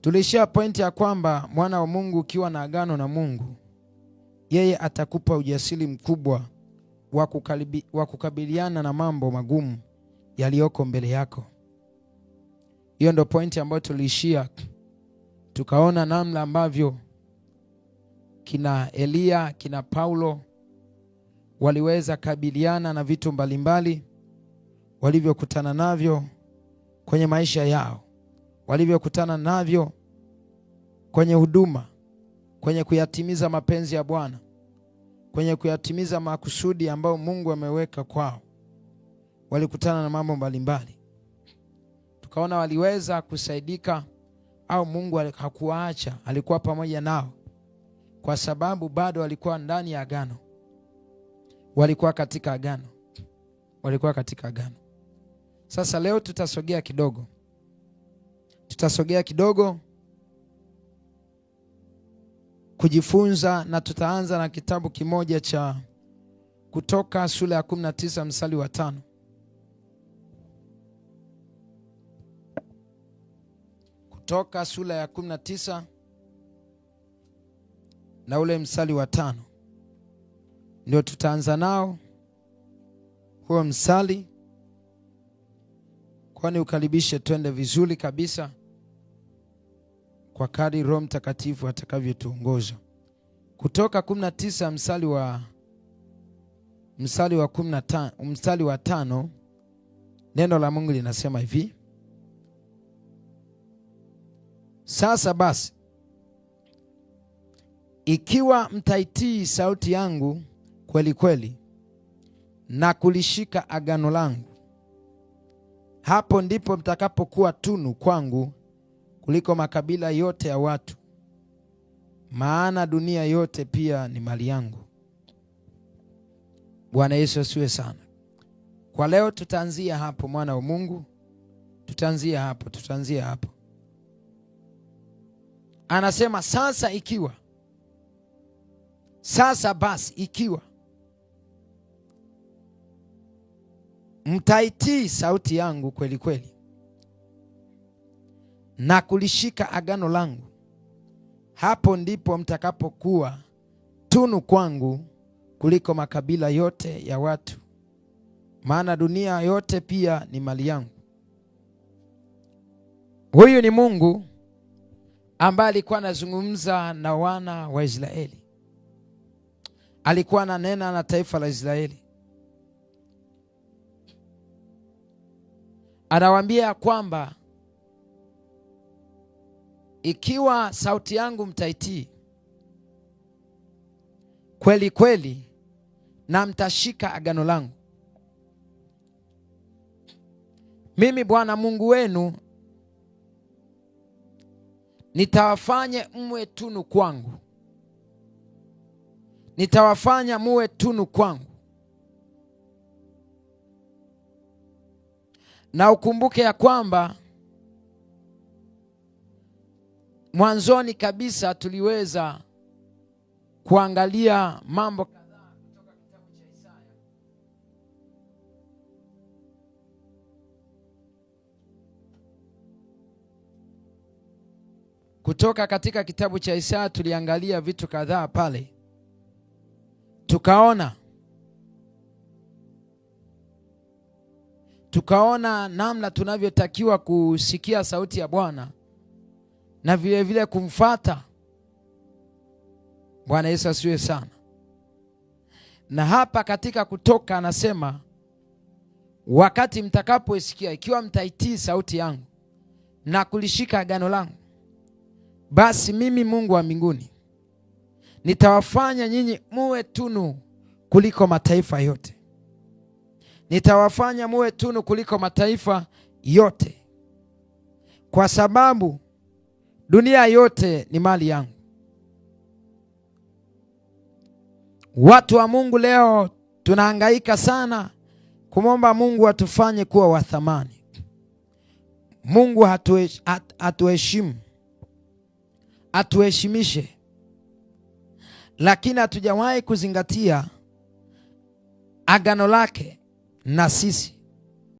Tuliishia pointi ya kwamba mwana wa Mungu ukiwa na agano na Mungu, yeye atakupa ujasiri mkubwa wa kukabiliana na mambo magumu yaliyoko mbele yako. Hiyo ndio pointi ambayo tuliishia, tukaona namna ambavyo kina Elia kina Paulo waliweza kabiliana na vitu mbalimbali walivyokutana navyo kwenye maisha yao, walivyokutana navyo kwenye huduma, kwenye kuyatimiza mapenzi ya Bwana, kwenye kuyatimiza makusudi ambayo Mungu ameweka kwao. Walikutana na mambo mbalimbali, tukaona waliweza kusaidika au Mungu hakuwaacha, alikuwa pamoja nao kwa sababu bado walikuwa ndani ya agano, walikuwa katika agano, walikuwa katika agano. Sasa leo tutasogea kidogo, tutasogea kidogo kujifunza, na tutaanza na kitabu kimoja cha Kutoka sura ya 19 msali wa tano. Kutoka sura ya 19 na ule msali wa tano ndio tutaanza nao huo msali kwani ukaribishe, twende vizuri kabisa kwa kadri Roho Mtakatifu atakavyotuongoza. Kutoka 19 mstari wa mstari wa 15 mstari wa tano, neno la Mungu linasema hivi: sasa basi ikiwa mtaitii sauti yangu kweli kweli na kulishika agano langu, hapo ndipo mtakapokuwa tunu kwangu kuliko makabila yote ya watu, maana dunia yote pia ni mali yangu. Bwana Yesu asiwe sana. Kwa leo tutaanzia hapo, mwana wa Mungu, tutaanzia hapo, tutaanzia hapo. Anasema sasa, ikiwa sasa basi, ikiwa mtaitii sauti yangu kweli kweli na kulishika agano langu, hapo ndipo mtakapokuwa tunu kwangu kuliko makabila yote ya watu, maana dunia yote pia ni mali yangu. Huyu ni Mungu ambaye alikuwa anazungumza na wana wa Israeli, alikuwa ananena na taifa la Israeli, anawaambia kwamba ikiwa sauti yangu mtaitii kweli kweli, na mtashika agano langu, mimi Bwana Mungu wenu nitawafanye mwe tunu kwangu, nitawafanya muwe tunu kwangu. Na ukumbuke ya kwamba Mwanzoni kabisa tuliweza kuangalia mambo kutoka Kutoka katika kitabu cha Isaya tuliangalia vitu kadhaa pale, tukaona tukaona namna tunavyotakiwa kusikia sauti ya Bwana na vilevile vile kumfata. Bwana Yesu asiwe sana. Na hapa katika Kutoka anasema wakati mtakapoisikia, ikiwa mtaitii sauti yangu na kulishika agano langu, basi mimi Mungu wa mbinguni nitawafanya nyinyi muwe tunu kuliko mataifa yote, nitawafanya muwe tunu kuliko mataifa yote, kwa sababu dunia yote ni mali yangu. Watu wa Mungu leo tunahangaika sana kumwomba Mungu atufanye kuwa wa thamani. Mungu hatuheshimu, atuheshimishe, lakini hatujawahi kuzingatia agano lake na sisi.